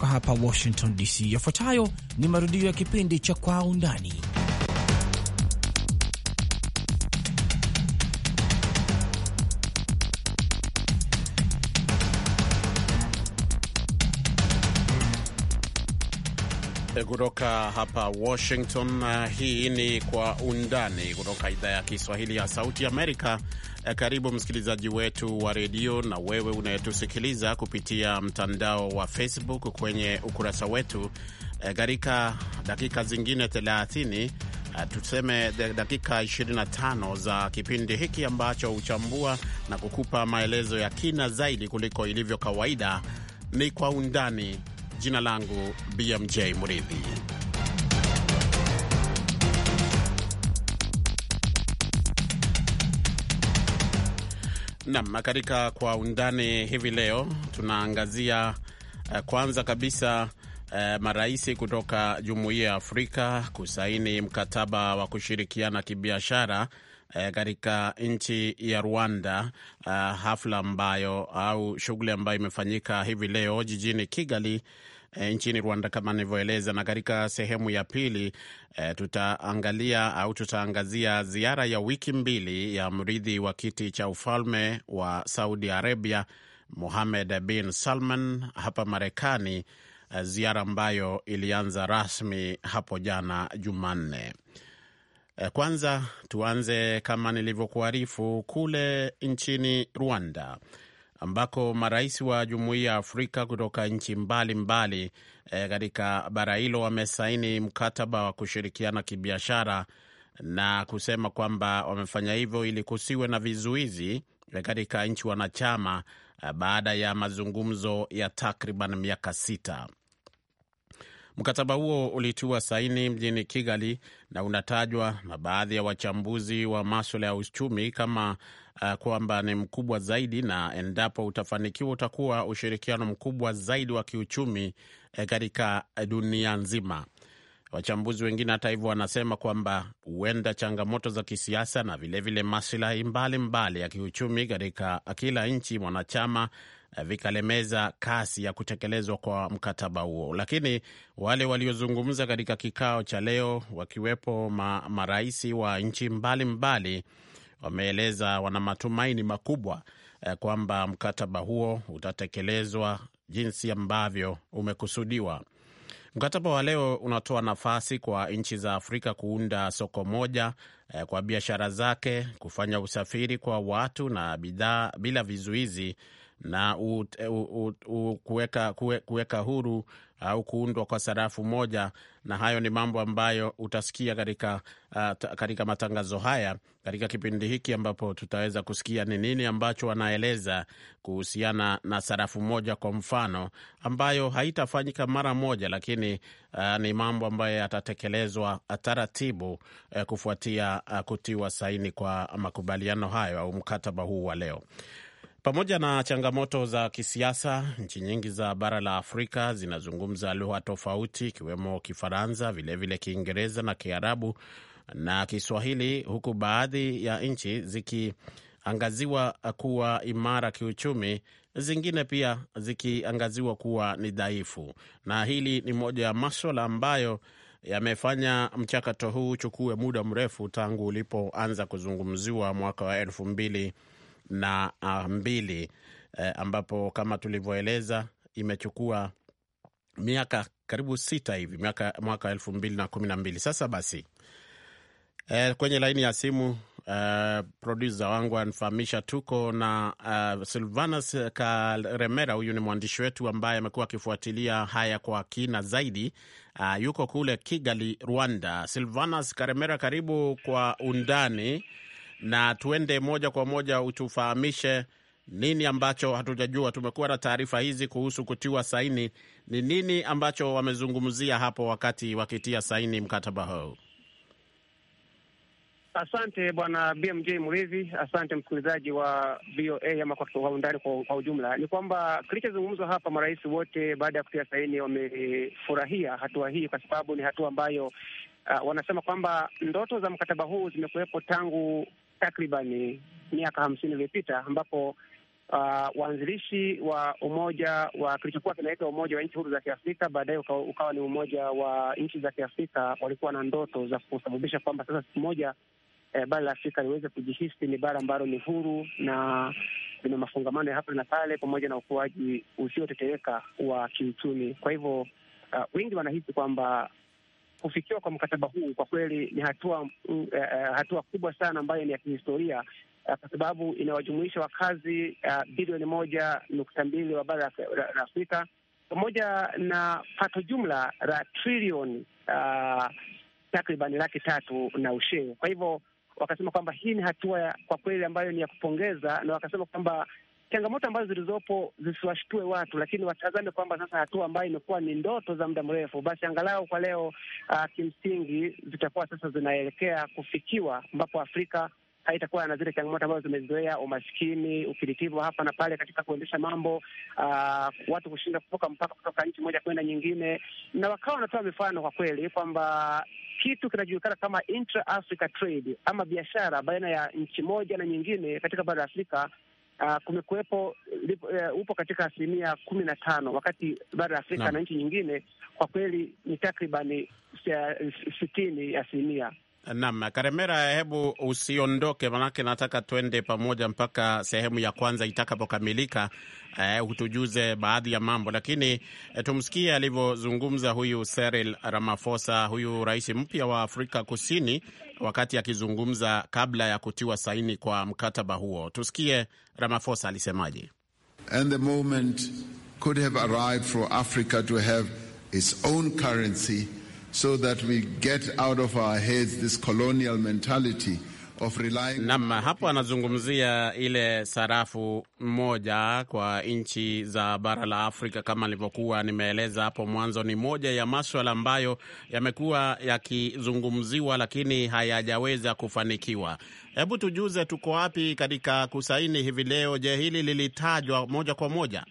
kutoka hapa Washington DC. Yafuatayo ni marudio ya kipindi cha Kwa Undani. Kutoka hapa Washington, uh, hii ni Kwa Undani kutoka idhaa ya Kiswahili ya Sauti Amerika. Eh, karibu msikilizaji wetu wa redio na wewe unayetusikiliza kupitia mtandao wa Facebook kwenye ukurasa wetu eh, katika dakika zingine 30 eh, tuseme dakika 25 za kipindi hiki ambacho huchambua na kukupa maelezo ya kina zaidi kuliko ilivyo kawaida. Ni kwa undani. Jina langu BMJ Muridhi. Nam, katika kwa undani hivi leo tunaangazia eh, kwanza kabisa uh, marais kutoka Jumuiya ya Afrika kusaini mkataba wa kushirikiana kibiashara eh, katika nchi ya Rwanda, uh, hafla ambayo au shughuli ambayo imefanyika hivi leo jijini Kigali Eh, nchini Rwanda kama nilivyoeleza, na katika sehemu ya pili e, tutaangalia au tutaangazia ziara ya wiki mbili ya mrithi wa kiti cha ufalme wa Saudi Arabia muhamed bin Salman hapa Marekani, eh, ziara ambayo ilianza rasmi hapo jana Jumanne. Kwanza tuanze kama nilivyokuarifu kule nchini Rwanda ambako marais wa jumuiya ya Afrika kutoka nchi mbalimbali eh, katika e, bara hilo wamesaini mkataba wa kushirikiana kibiashara na kusema kwamba wamefanya hivyo ili kusiwe na vizuizi eh, katika nchi wanachama eh, baada ya mazungumzo ya takriban miaka sita. Mkataba huo ulitiwa saini mjini Kigali na unatajwa na baadhi ya wachambuzi wa maswala ya uchumi kama Eh, kwamba ni mkubwa zaidi, na endapo utafanikiwa utakuwa ushirikiano mkubwa zaidi wa kiuchumi eh, katika dunia nzima. Wachambuzi wengine hata hivyo wanasema kwamba huenda changamoto za kisiasa na vilevile masilahi mbalimbali ya kiuchumi katika kila nchi mwanachama eh, vikalemeza kasi ya kutekelezwa kwa mkataba huo. Lakini wale waliozungumza katika kikao cha leo wakiwepo ma, marais wa nchi mbalimbali mbali, wameeleza wana matumaini makubwa eh, kwamba mkataba huo utatekelezwa jinsi ambavyo umekusudiwa. Mkataba wa leo unatoa nafasi kwa nchi za Afrika kuunda soko moja eh, kwa biashara zake, kufanya usafiri kwa watu na bidhaa bila vizuizi na kuweka huru au kuundwa kwa sarafu moja, na hayo ni mambo ambayo utasikia katika uh, katika matangazo haya katika kipindi hiki ambapo tutaweza kusikia ni nini ambacho wanaeleza kuhusiana na sarafu moja, kwa mfano, ambayo haitafanyika mara moja, lakini uh, ni mambo ambayo yatatekelezwa taratibu uh, kufuatia uh, kutiwa saini kwa makubaliano hayo au mkataba huu wa leo. Pamoja na changamoto za kisiasa, nchi nyingi za bara la Afrika zinazungumza lugha tofauti, ikiwemo Kifaransa, vilevile Kiingereza na Kiarabu na Kiswahili, huku baadhi ya nchi zikiangaziwa kuwa imara kiuchumi, zingine pia zikiangaziwa kuwa ni dhaifu. Na hili ni moja ya maswala ambayo yamefanya mchakato huu uchukue muda mrefu tangu ulipoanza kuzungumziwa mwaka wa elfu mbili na ah, mbili eh, ambapo kama tulivyoeleza imechukua miaka karibu sita hivi miaka, mwaka elfu mbili na kumi na mbili. Sasa basi eh, kwenye laini ya simu Uh, eh, produsa wangu anfahamisha tuko na uh, eh, Silvanus Karemera. Huyu ni mwandishi wetu ambaye amekuwa akifuatilia haya kwa kina zaidi. Uh, yuko kule Kigali, Rwanda. Silvanus Karemera, karibu kwa undani na tuende moja kwa moja utufahamishe nini ambacho hatujajua. Tumekuwa na taarifa hizi kuhusu kutiwa saini, ni nini ambacho wamezungumzia hapo wakati wakitia saini mkataba huu? Asante bwana BMJ mrivi asante msikilizaji wa VOA ama kwa undani kwa, kwa ujumla ni kwamba kilichozungumzwa hapa, marais wote baada ya kutia saini wamefurahia hatua hii, kwa sababu ni hatua ambayo uh, wanasema kwamba ndoto za mkataba huu zimekuwepo tangu takriban miaka hamsini iliyopita ambapo Uh, waanzilishi wa umoja wa kilichokuwa kinaitwa Umoja wa Nchi Huru za Kiafrika, baadaye ukawa, ukawa ni Umoja wa Nchi za Kiafrika, walikuwa na ndoto za kusababisha kwamba sasa siku moja eh, bara la Afrika liweze kujihisi ni bara ambalo ni huru na lina mafungamano ya hapa na pale, pamoja na ukuaji usiotetereka wa kiuchumi. Kwa hivyo uh, wengi wanahisi kwamba kufikiwa kwa mkataba huu kwa kweli ni hatua uh, hatua kubwa sana ambayo ni ya kihistoria uh, kwa sababu inawajumuisha wakazi uh, bilioni moja nukta mbili wa bara la Afrika pamoja na pato jumla la trilioni uh, ah, takriban laki tatu na ushee. Kwa hivyo wakasema kwamba hii ni hatua kwa kweli ambayo ni ya kupongeza, na wakasema kwamba changamoto ambazo zilizopo zisiwashtue watu, lakini watazame kwamba sasa hatua ambayo imekuwa ni ndoto za muda mrefu, basi angalau kwa leo uh, kimsingi zitakuwa sasa zinaelekea kufikiwa, ambapo Afrika haitakuwa na zile changamoto ambazo zimezoea, umaskini, ukiritimwa hapa na pale katika kuendesha mambo uh, watu kushinda kuvuka mpaka kutoka nchi moja kwenda nyingine, na wakawa wanatoa mifano kwa kweli kwamba kitu kinajulikana kama intra-Africa trade ama biashara baina ya nchi moja na nyingine katika bara la Afrika uh, kumekuwepo uh, upo katika asilimia kumi na tano wakati bara la Afrika na, na nchi nyingine kwa kweli ni takribani eh, sitini asilimia Naam, Karemera, hebu usiondoke, manake nataka tuende pamoja mpaka sehemu ya kwanza itakapokamilika. Uh, utujuze baadhi ya mambo lakini, uh, tumsikie alivyozungumza huyu Cyril Ramaphosa, huyu rais mpya wa Afrika Kusini, wakati akizungumza kabla ya kutiwa saini kwa mkataba huo. Tusikie Ramaphosa alisemaje. And the moment could have arrived for Africa to have its own currency so that we get out of our heads this colonial mentality of relying... Nam, hapo anazungumzia ile sarafu moja kwa nchi za bara la Afrika. Kama nilivyokuwa nimeeleza hapo mwanzo, ni moja ya maswala ambayo yamekuwa yakizungumziwa lakini hayajaweza kufanikiwa. Hebu tujuze, tuko wapi katika kusaini hivi leo? Je, hili lilitajwa moja kwa moja?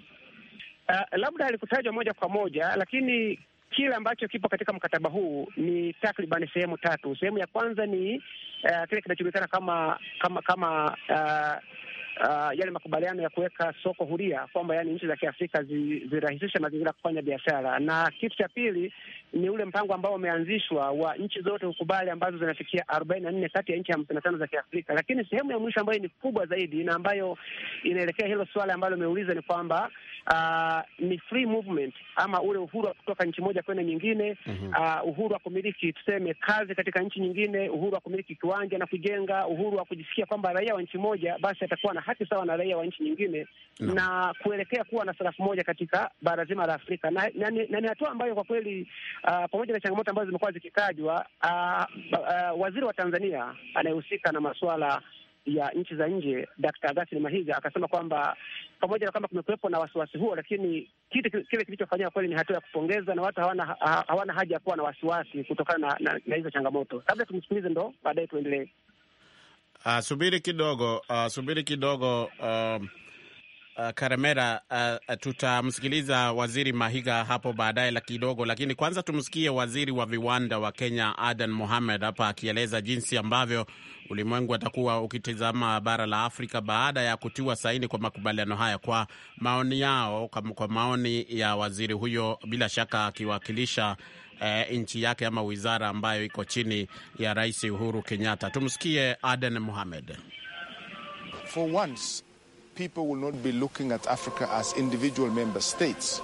Uh, labda alikutajwa moja kwa moja, lakini kile ambacho kipo katika mkataba huu ni takriban sehemu tatu. Sehemu ya kwanza ni uh, kile kinachojulikana kama kama kama uh, Uh, yale makubaliano ya kuweka soko huria kwamba yani nchi za Kiafrika zirahisisha zi mazingira ya kufanya biashara, na kitu cha pili ni ule mpango ambao umeanzishwa wa nchi zote ukubali ambazo zinafikia arobaini na nne kati ya nchi hamsini na tano za Kiafrika. Lakini sehemu ya mwisho ambayo ni kubwa zaidi na ambayo inaelekea hilo swala ambalo umeuliza ni kwamba uh, ni free movement ama ule uhuru wa kutoka nchi moja kwenda nyingine, uh, uhuru wa kumiliki tuseme kazi katika nchi nyingine, uhuru wa kumiliki kiwanja na kujenga, uhuru wa kujisikia kwamba raia wa nchi moja basi atakuwa na haki sawa na raia wa nchi nyingine no. na kuelekea kuwa na sarafu moja katika bara zima la Afrika na, na, na, na ni hatua ambayo kwa kweli Uh, pamoja na changamoto ambazo zimekuwa zikitajwa, uh, uh, waziri wa Tanzania anayehusika na masuala ya nchi za nje Dkt. Agassi Mahiga akasema kwamba pamoja na kwamba kumekuwepo na wasiwasi huo, lakini kitu kile kilichofanyika kweli ni hatua ya kupongeza na watu hawana ha, hawana haja ya kuwa na wasiwasi kutokana na, na, na hizo changamoto. Labda tumsikilize ndo baadaye tuendelee. Uh, subiri kidogo uh, subiri kidogo uh, uh, Karemera, uh, tutamsikiliza waziri Mahiga hapo baadaye la kidogo, lakini kwanza tumsikie waziri wa viwanda wa Kenya Adan Mohamed hapa akieleza jinsi ambavyo ulimwengu atakuwa ukitizama bara la Afrika baada ya kutiwa saini kwa makubaliano haya. Kwa maoni yao, kwa maoni ya waziri huyo, bila shaka akiwakilisha eh, nchi yake ama wizara ambayo iko chini ya Rais Uhuru Kenyatta. Tumsikie Aden Mohamed. For once people will not be looking at Africa as individual member states.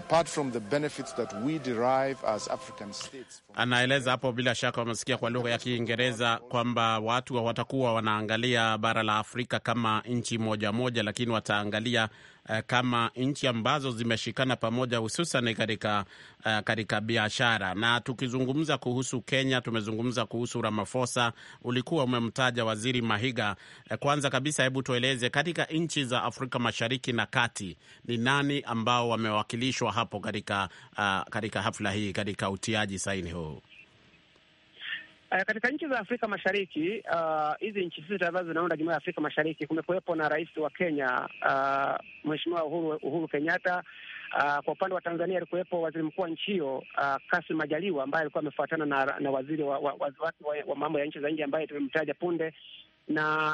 Apart from the benefits that we derive as African states. Anaeleza hapo, bila shaka wamesikia kwa lugha ya Kiingereza kwamba watu watakuwa wanaangalia bara la Afrika kama nchi moja moja, lakini wataangalia Eh, kama nchi ambazo zimeshikana pamoja hususan katika uh, katika biashara. Na tukizungumza kuhusu Kenya, tumezungumza kuhusu Ramaphosa, ulikuwa umemtaja Waziri Mahiga. Eh, kwanza kabisa, hebu tueleze katika nchi za Afrika Mashariki na Kati ni nani ambao wamewakilishwa hapo katika uh, katika hafla hii katika utiaji saini huu? Uh, katika nchi za Afrika Mashariki eh, hizi uh, nchi sita ambazo zinaunda jumuiya ya Afrika Mashariki kumekuwepo na rais wa Kenya uh, Mheshimiwa Uhuru, Uhuru Kenyatta. Uh, kwa upande wa Tanzania alikuwepo waziri mkuu wa nchi hiyo uh, Kassim Majaliwa ambaye alikuwa amefuatana na, na waziri wa, wa, wa, wa, wa mambo ya nchi za nje ambaye tumemtaja punde na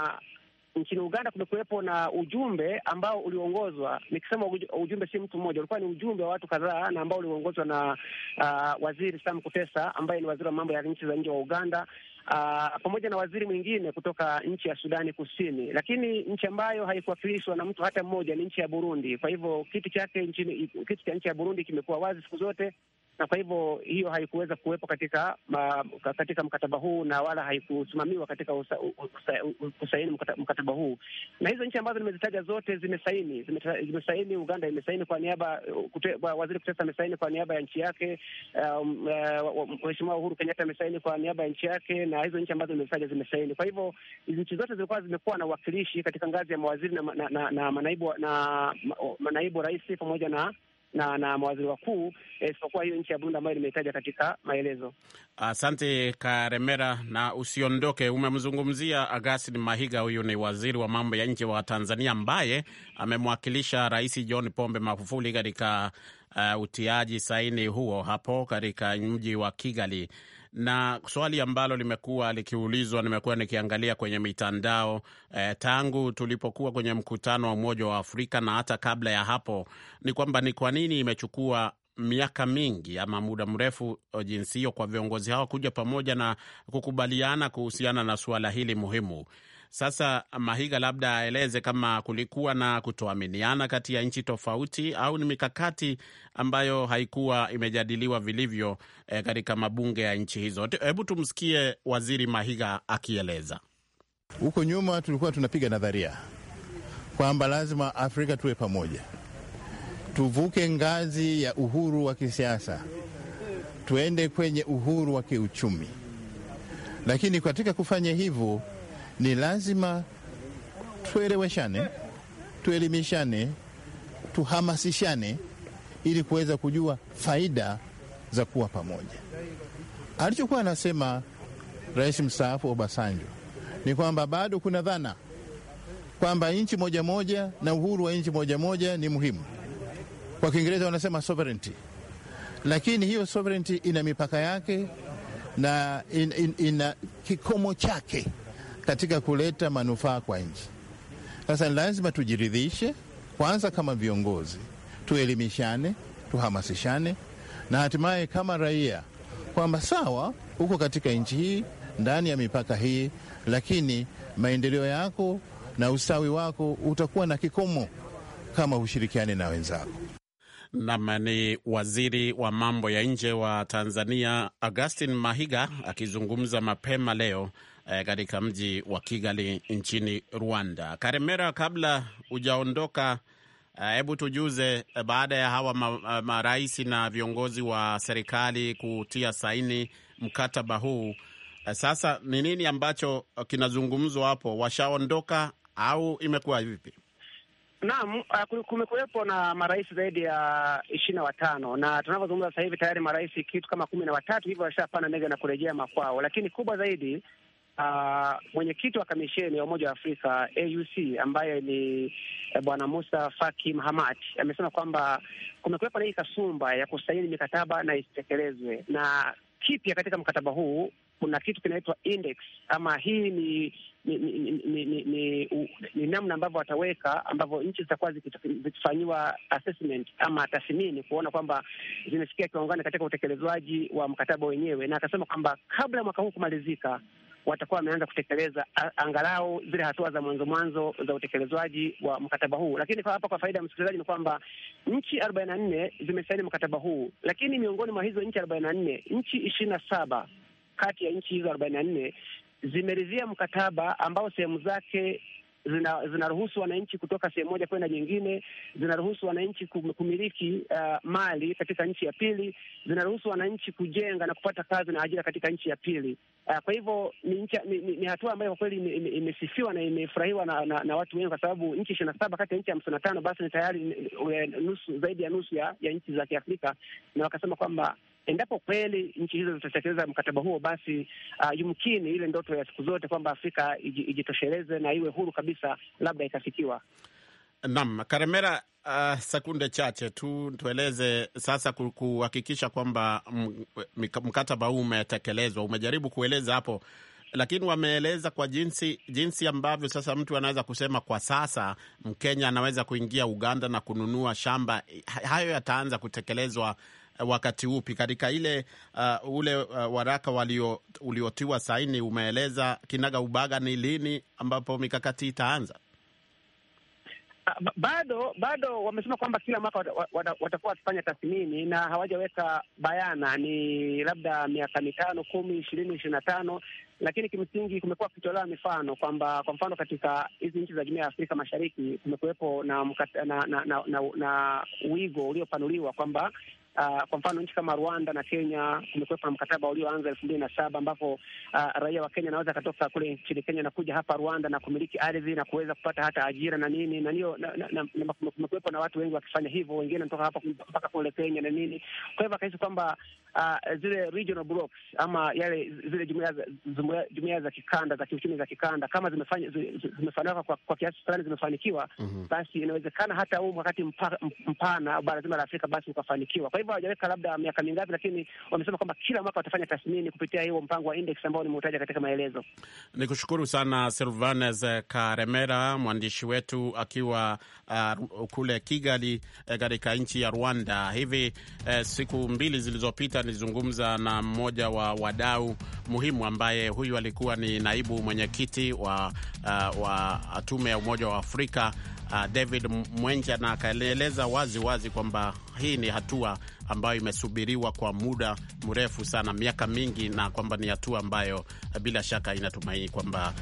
nchini Uganda kumekuwepo na ujumbe ambao uliongozwa, nikisema ujumbe si mtu mmoja, ulikuwa ni ujumbe wa watu kadhaa, na ambao uliongozwa na uh, waziri Sam Kutesa ambaye ni waziri wa mambo ya nchi za nje wa Uganda. Uh, pamoja na waziri mwingine kutoka nchi ya Sudani Kusini, lakini nchi ambayo haikuwakilishwa na mtu hata mmoja ni nchi ya Burundi. Kwa hivyo kiti chake nchini, kiti cha nchi ya Burundi kimekuwa wazi siku zote, na kwa hivyo hiyo haikuweza kuwepo katika ma, katika mkataba huu na wala haikusimamiwa katika usa, usa, usa, kusaini mkataba, mkataba huu. Na hizo nchi ambazo nimezitaja zote zimesaini, zimesaini. Uganda imesaini kwa niaba kute, waziri Kutesa amesaini kwa niaba ya nchi yake. um, uh, Mheshimiwa Uhuru Kenyatta amesaini kwa niaba ya nchi yake, na hizo nchi ambazo nimezitaja zimesaini. Kwa hivyo nchi zote zilikuwa zimekuwa na uwakilishi katika ngazi ya mawaziri na manaibu na, na, na, na, na, na, na, na, na, rais pamoja na na na mawaziri wakuu eh, isipokuwa hiyo nchi ya Burundi ambayo limehitaja katika maelezo. Asante Karemera, na usiondoke. Umemzungumzia agasin Mahiga, huyu ni waziri wa mambo ya nje wa Tanzania ambaye amemwakilisha Rais John Pombe Magufuli katika uh, utiaji saini huo hapo katika mji wa Kigali na swali ambalo limekuwa likiulizwa, nimekuwa nikiangalia kwenye mitandao eh, tangu tulipokuwa kwenye mkutano wa Umoja wa Afrika na hata kabla ya hapo, ni kwamba ni kwa nini imechukua miaka mingi ama muda mrefu eh, jinsi hiyo kwa viongozi hawa kuja pamoja na kukubaliana kuhusiana na suala hili muhimu. Sasa Mahiga, labda aeleze kama kulikuwa na kutoaminiana kati ya nchi tofauti au ni mikakati ambayo haikuwa imejadiliwa vilivyo eh, katika mabunge ya nchi hizo. Hebu tumsikie Waziri Mahiga akieleza. Huko nyuma tulikuwa tunapiga nadharia kwamba lazima Afrika tuwe pamoja, tuvuke ngazi ya uhuru wa kisiasa tuende kwenye uhuru wa kiuchumi, lakini katika kufanya hivyo ni lazima tueleweshane, tuelimishane, tuhamasishane ili kuweza kujua faida za kuwa pamoja. Alichokuwa anasema rais mstaafu Obasanjo ni kwamba bado kuna dhana kwamba nchi moja moja na uhuru wa nchi moja moja ni muhimu. Kwa Kiingereza wanasema sovereignty, lakini hiyo sovereignty ina mipaka yake na in, in, ina kikomo chake katika kuleta manufaa kwa nchi. Sasa ni lazima tujiridhishe kwanza, kama viongozi tuelimishane, tuhamasishane na hatimaye kama raia kwamba sawa, uko katika nchi hii ndani ya mipaka hii, lakini maendeleo yako na ustawi wako utakuwa na kikomo kama hushirikiani na wenzako. Nam ni waziri wa mambo ya nje wa Tanzania Augustin Mahiga akizungumza mapema leo eh, katika mji wa Kigali nchini Rwanda. Karemera, kabla hujaondoka, eh, hebu eh, tujuze eh, baada ya hawa ma, eh, ma na viongozi wa serikali kutia saini mkataba huu eh, sasa ni nini ambacho eh, kinazungumzwa hapo? Washaondoka au imekuwa vipi? Naam, kumekuwepo na marais zaidi ya ishirini na watano na tunavyozungumza sasa hivi tayari marais kitu kama kumi na watatu hivyo washapanda ndege na kurejea makwao, lakini kubwa zaidi uh, mwenyekiti wa kamisheni ya Umoja wa Afrika AUC ambaye ni eh, Bwana Musa Faki Mahamat amesema kwamba kumekuwepo na hii kasumba ya kusaini mikataba na isitekelezwe, na kipya katika mkataba huu kuna kitu kinaitwa index ama hii ni ni, ni, ni, ni, ni, ni namna ambavyo wataweka ambavyo nchi zitakuwa zikifanyiwa assessment ama tathmini kuona kwamba zimefikia kiwango gani katika utekelezwaji wa mkataba wenyewe, na akasema kwamba kabla ya mwaka huu kumalizika watakuwa wameanza kutekeleza angalau zile hatua za mwanzo mwanzo za utekelezwaji wa mkataba huu. Lakini kwa hapa, kwa faida ya msikilizaji, ni kwamba nchi arobaini na nne zimesaini mkataba huu, lakini miongoni mwa hizo nchi arobaini na nne nchi ishirini na saba kati ya nchi hizo arobaini na nne zimeridhia mkataba ambao sehemu zake zina, zinaruhusu wananchi kutoka sehemu moja kwenda nyingine, zinaruhusu wananchi kumiliki uh, mali katika nchi ya pili, zinaruhusu wananchi kujenga na kupata kazi na ajira katika nchi ya pili. Uh, kwa hivyo ni, ni, ni, ni hatua ambayo kwa kweli imesifiwa na imefurahiwa na, na, na watu wengi, kwa sababu nchi ishirini na saba kati ya nchi hamsini na tano basi ni tayari eh, nusu, zaidi ya nusu ya, ya nchi za Kiafrika, na wakasema kwamba Endapo kweli nchi hizo zitatekeleza mkataba huo, basi uh, yumkini ile ndoto ya siku zote kwamba Afrika ijitosheleze na iwe huru kabisa labda ikafikiwa. Naam, Karemera, uh, sekunde chache tu tueleze sasa kuhakikisha kwamba mkataba huu umetekelezwa. Umejaribu kueleza hapo lakini wameeleza kwa jinsi jinsi ambavyo sasa mtu anaweza kusema kwa sasa Mkenya anaweza kuingia Uganda na kununua shamba. Hayo yataanza kutekelezwa wakati upi? Katika ile uh, ule uh, waraka walio, uliotiwa saini umeeleza kinaga ubaga ni lini ambapo mikakati itaanza? Ah, bado bado wamesema kwamba kila mwaka watakuwa wakifanya tathmini na hawajaweka bayana ni labda miaka mitano, kumi, ishirini, ishirini na tano, lakini kimsingi kumekuwa kitolewa mifano kwamba kwa mfano katika hizi nchi za jumuiya ya Afrika Mashariki kumekuwepo na, na, na, na, na, na wigo uliopanuliwa kwamba Uh, kwa mfano nchi kama Rwanda na Kenya kumekuwepo na mkataba ulioanza elfu mbili na saba ambapo uh, raia wa Kenya anaweza akatoka kule nchini Kenya na kuja hapa Rwanda na kumiliki ardhi na kuweza kupata hata ajira na nini na niyo, na, na, na, kumekuwepo na watu wengi wakifanya hivyo, wengine wanatoka hapa mpaka kule Kenya na nini. Kwa hivyo akahisi kwamba uh, zile regional blocks ama yale zile jumuiya za kikanda za kiuchumi za kikanda kama zimefanya zimefanikiwa kwa, kwa kiasi fulani zimefanikiwa, mm -hmm. Basi inawezekana hata huu wakati mpana bara zima la Afrika basi ukafanikiwa kwa hivyo hivyo hawajaweka labda miaka mingapi, lakini wamesema kwamba kila mwaka watafanya tathmini kupitia hiyo mpango wa index ambao nimeutaja katika maelezo. ni kushukuru sana Silvanes Karemera, mwandishi wetu akiwa uh, kule Kigali eh, katika uh, nchi ya Rwanda. Hivi uh, siku mbili zilizopita nilizungumza na mmoja wa wadau muhimu ambaye huyu alikuwa ni naibu mwenyekiti wa, uh, wa tume ya Umoja wa Afrika uh, David Mwenja, na akaeleza wazi wazi kwamba hii ni hatua ambayo imesubiriwa kwa muda mrefu sana, miaka mingi, na kwamba ni hatua ambayo eh, bila shaka inatumaini kwamba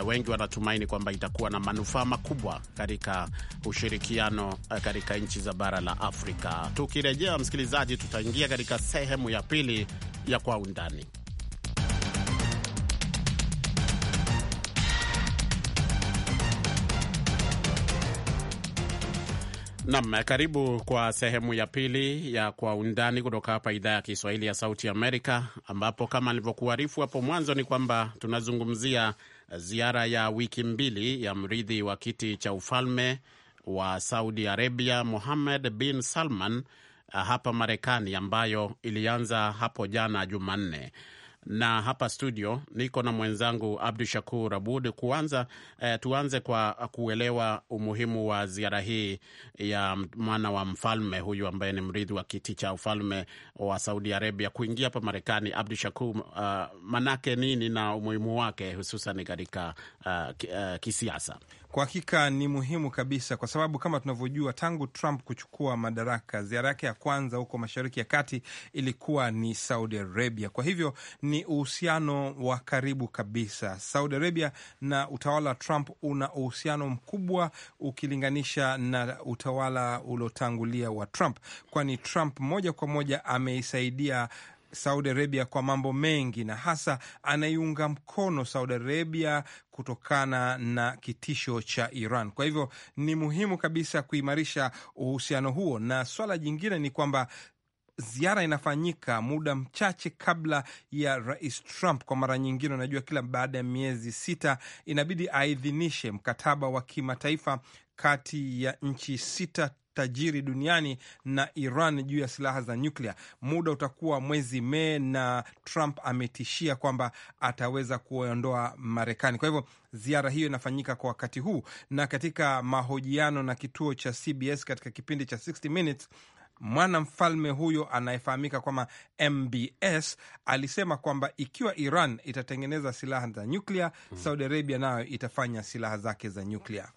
uh, wengi wanatumaini kwamba itakuwa na manufaa makubwa katika ushirikiano eh, katika nchi za bara la Afrika. Tukirejea msikilizaji, tutaingia katika sehemu ya pili ya kwa undani. Nam, karibu kwa sehemu ya pili ya Kwa Undani kutoka hapa idhaa ya Kiswahili ya Sauti Amerika, ambapo kama alivyokuarifu hapo mwanzo ni kwamba tunazungumzia ziara ya wiki mbili ya mrithi wa kiti cha ufalme wa Saudi Arabia muhamed bin Salman hapa Marekani, ambayo ilianza hapo jana Jumanne na hapa studio niko na mwenzangu Abdu Shakur Abud. Kuanza eh, tuanze kwa kuelewa umuhimu wa ziara hii ya mwana wa mfalme huyu ambaye ni mrithi wa kiti cha ufalme wa Saudi Arabia kuingia hapa Marekani. Abdu Shakur, uh, manake nini na umuhimu wake hususan katika uh, uh, kisiasa? Kwa hakika ni muhimu kabisa, kwa sababu kama tunavyojua, tangu Trump kuchukua madaraka, ziara yake ya kwanza huko Mashariki ya Kati ilikuwa ni Saudi Arabia. Kwa hivyo ni uhusiano wa karibu kabisa. Saudi Arabia na utawala wa Trump una uhusiano mkubwa ukilinganisha na utawala uliotangulia wa Trump, kwani Trump moja kwa moja ameisaidia Saudi Arabia kwa mambo mengi, na hasa anaiunga mkono Saudi Arabia kutokana na kitisho cha Iran. Kwa hivyo ni muhimu kabisa kuimarisha uhusiano huo, na swala jingine ni kwamba ziara inafanyika muda mchache kabla ya Rais Trump. Kwa mara nyingine, unajua kila baada ya miezi sita inabidi aidhinishe mkataba wa kimataifa kati ya nchi sita tajiri duniani na Iran juu ya silaha za nyuklia. Muda utakuwa mwezi Mei, na Trump ametishia kwamba ataweza kuondoa Marekani. Kwa hivyo ziara hiyo inafanyika kwa wakati huu, na katika mahojiano na kituo cha CBS katika kipindi cha 60 Minutes mwanamfalme huyo anayefahamika kwama MBS alisema kwamba ikiwa Iran itatengeneza silaha za nyuklia, hmm. Saudi Arabia nayo itafanya silaha zake za nyuklia.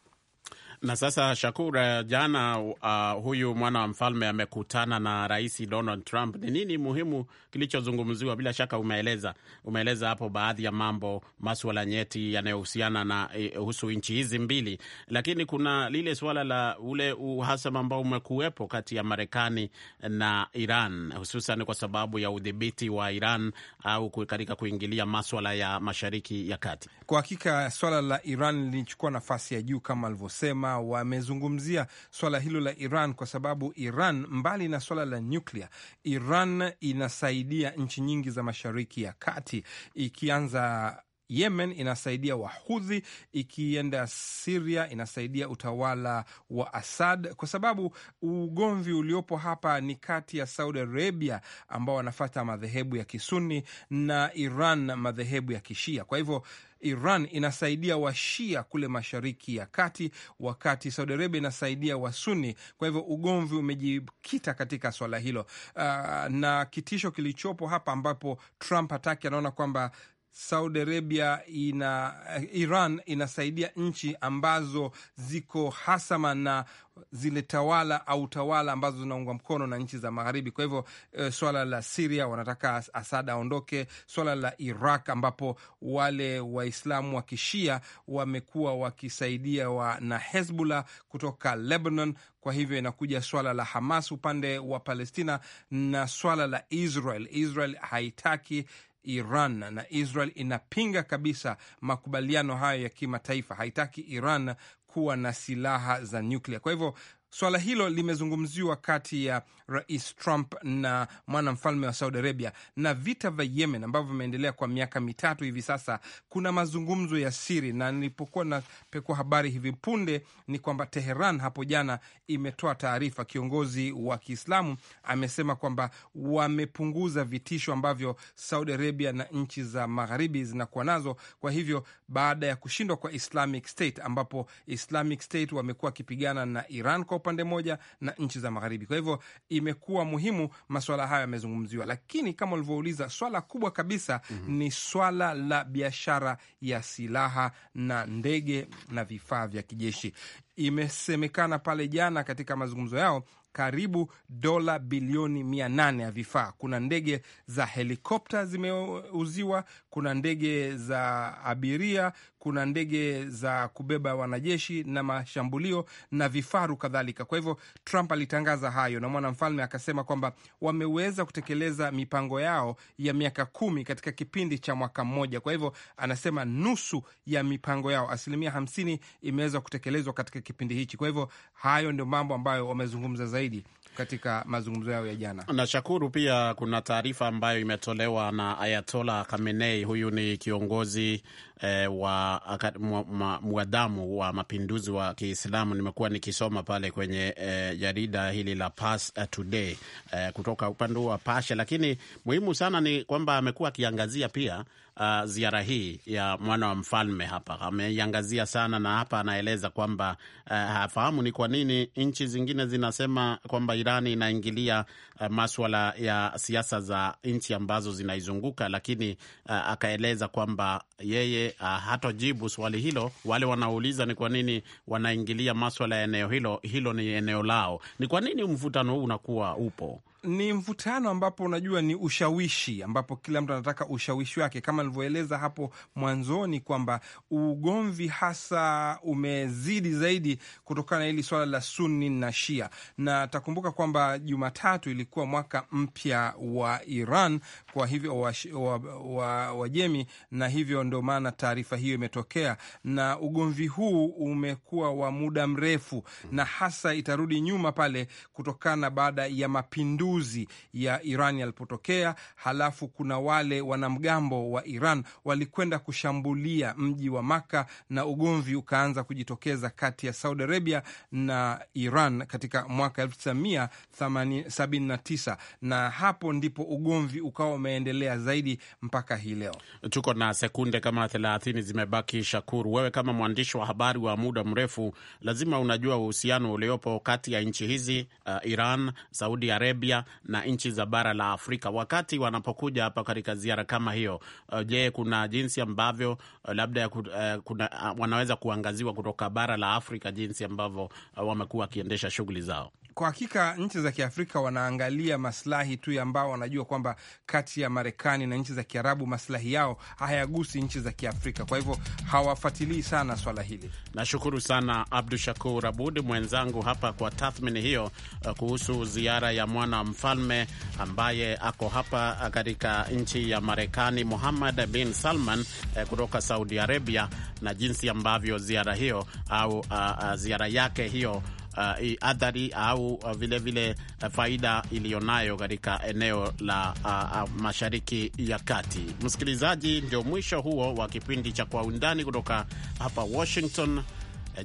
Na sasa shakur eh, jana uh, huyu mwana wa mfalme amekutana na Rais Donald Trump. Ni nini muhimu kilichozungumziwa? Bila shaka umeeleza umeeleza hapo baadhi ya mambo, maswala nyeti yanayohusiana na eh, husu nchi hizi mbili, lakini kuna lile suala la ule uhasama ambao umekuwepo kati ya Marekani na Iran, hususan kwa sababu ya udhibiti wa Iran au katika kuingilia maswala ya Mashariki ya Kati. Kwa hakika swala la Iran lilichukua nafasi ya juu kama alivyosema wamezungumzia swala hilo la Iran kwa sababu Iran, mbali na swala la nyuklia, Iran inasaidia nchi nyingi za Mashariki ya Kati, ikianza Yemen inasaidia Wahudhi, ikienda Siria inasaidia utawala wa Asad, kwa sababu ugomvi uliopo hapa ni kati ya Saudi Arabia ambao wanafata madhehebu ya Kisuni na Iran madhehebu ya Kishia. Kwa hivyo Iran inasaidia Washia kule Mashariki ya Kati, wakati Saudi Arabia inasaidia Wasuni. Kwa hivyo ugomvi umejikita katika swala hilo. Uh, na kitisho kilichopo hapa ambapo Trump hataki, anaona kwamba Saudi Arabia ina, eh, Iran inasaidia nchi ambazo ziko hasama na zile tawala au tawala ambazo zinaungwa mkono na nchi za Magharibi. Kwa hivyo e, swala la Siria wanataka Asad aondoke, swala la Iraq ambapo wale Waislamu wa kishia wamekuwa wakisaidia wa, na Hezbollah kutoka Lebanon. Kwa hivyo inakuja swala la Hamas upande wa Palestina na swala la Israel. Israel haitaki Iran na Israel inapinga kabisa makubaliano hayo ya kimataifa, haitaki Iran kuwa na silaha za nyuklia. Kwa hivyo Swala hilo limezungumziwa kati ya Rais Trump na mwanamfalme wa Saudi Arabia. Na vita vya Yemen ambavyo vimeendelea kwa miaka mitatu hivi sasa, kuna mazungumzo ya siri, na nilipokuwa napekua habari hivi punde ni kwamba Teheran hapo jana imetoa taarifa, kiongozi wa Kiislamu amesema kwamba wamepunguza vitisho ambavyo Saudi Arabia na nchi za magharibi zinakuwa nazo. Kwa hivyo baada ya kushindwa kwa Islamic State, ambapo Islamic State wamekuwa wakipigana na Iran kwa upande mmoja na nchi za magharibi. Kwa hivyo imekuwa muhimu, maswala hayo yamezungumziwa, lakini kama ulivyouliza, swala kubwa kabisa mm -hmm. ni swala la biashara ya silaha na ndege na vifaa vya kijeshi. Imesemekana pale jana katika mazungumzo yao karibu dola bilioni mia nane ya vifaa. Kuna ndege za helikopta zimeuziwa, kuna ndege za abiria, kuna ndege za kubeba wanajeshi na mashambulio na vifaru kadhalika. Kwa hivyo Trump alitangaza hayo na mwanamfalme akasema kwamba wameweza kutekeleza mipango yao ya miaka kumi katika kipindi cha mwaka mmoja. Kwa hivyo anasema nusu ya mipango yao, asilimia hamsini imeweza kutekelezwa katika kipindi hichi. Kwa hivyo hayo ndio mambo ambayo wamezungumza zaidi katika mazungumzo yao ya jana. nashakuru pia kuna taarifa ambayo imetolewa na Ayatola Khamenei. Huyu ni kiongozi eh, wa mwadhamu wa mapinduzi wa Kiislamu. Nimekuwa nikisoma pale kwenye eh, jarida hili la pas eh, Today eh, kutoka upande huu wa Pasha, lakini muhimu sana ni kwamba amekuwa akiangazia pia uh, ziara hii ya mwana wa mfalme hapa ameiangazia sana, na hapa anaeleza kwamba uh, hafahamu ni kwa nini nchi zingine zinasema kwamba Irani inaingilia uh, maswala ya siasa za nchi ambazo zinaizunguka, lakini uh, akaeleza kwamba yeye uh, hatojibu swali hilo. Wale wanauliza ni kwa nini wanaingilia maswala ya eneo hilo, hilo ni eneo lao. Ni kwa nini mvutano huu unakuwa upo? ni mvutano ambapo unajua ni ushawishi, ambapo kila mtu anataka ushawishi wake, kama alivyoeleza hapo mwanzoni kwamba ugomvi hasa umezidi zaidi kutokana na hili swala la Sunni na Shia, na takumbuka kwamba Jumatatu ilikuwa mwaka mpya wa Iran, kwa hivyo Wajemi wa, wa, na hivyo ndio maana taarifa hiyo imetokea, na ugomvi huu umekuwa wa muda mrefu, na hasa itarudi nyuma pale kutokana baada ya mapinduzi mapinduzi ya Iran yalipotokea. Halafu kuna wale wanamgambo wa Iran walikwenda kushambulia mji wa Maka na ugomvi ukaanza kujitokeza kati ya Saudi Arabia na Iran katika mwaka 1979 na hapo ndipo ugomvi ukawa umeendelea zaidi mpaka hii leo. Tuko na sekunde kama thelathini zimebaki. Shakuru, wewe kama mwandishi wa habari wa muda mrefu, lazima unajua uhusiano uliopo kati ya nchi hizi, uh, Iran, Saudi Arabia na nchi za bara la Afrika wakati wanapokuja hapa katika ziara kama hiyo? Uh, je, kuna jinsi ambavyo uh, labda uh, kuna, wanaweza kuangaziwa kutoka bara la Afrika jinsi ambavyo wamekuwa wakiendesha shughuli zao? Kwa hakika nchi za Kiafrika wanaangalia maslahi tu ambao wanajua kwamba kati ya Marekani na nchi za Kiarabu maslahi yao hayagusi nchi za Kiafrika, kwa hivyo hawafuatilii sana swala hili. Nashukuru sana Abdu Shakur Abud mwenzangu hapa kwa tathmini hiyo eh, kuhusu ziara ya mwana mfalme ambaye ako hapa eh, katika nchi ya Marekani, Muhammad bin Salman eh, kutoka Saudi Arabia, na jinsi ambavyo ziara hiyo au a, a, ziara yake hiyo Uh, athari au vilevile uh, vile, uh, faida iliyonayo katika eneo la uh, uh, Mashariki ya Kati. Msikilizaji, ndio mwisho huo wa kipindi cha Kwa Undani kutoka hapa Washington. Uh,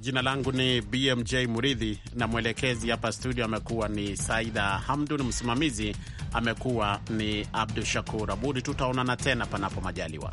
jina langu ni BMJ Muridhi na mwelekezi hapa studio amekuwa ni Saida Hamdun, msimamizi amekuwa ni Abdu Shakur Abudi. Tutaonana tena panapo majaliwa.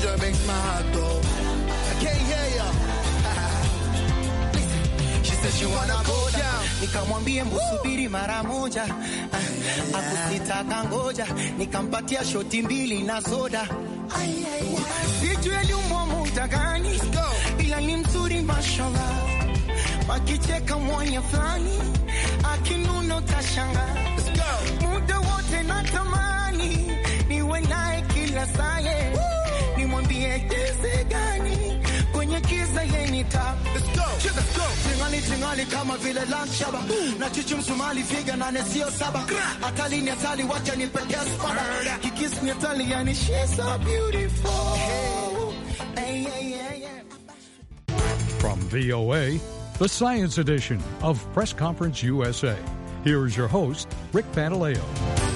DJ makes my heart go. I can't hear ya. she says she wanna go down. Nikamwambie msubiri mara moja. Akusitaka ngoja. Nikampatia shoti mbili na soda. Sijui aliumwa muda gani. Ila ni mzuri mashallah. Wakicheka mwanya fulani. Akinuna utashanga. Muda wote natamani. Niwe naye kila saa. tingali kama vile na msumali figa sio saba atali ni atali wacha ni spada kikis ni atali yani so beautiful hey, hey, From VOA, the science edition of Press Conference USA. Here's your host, Rick Pantaleo.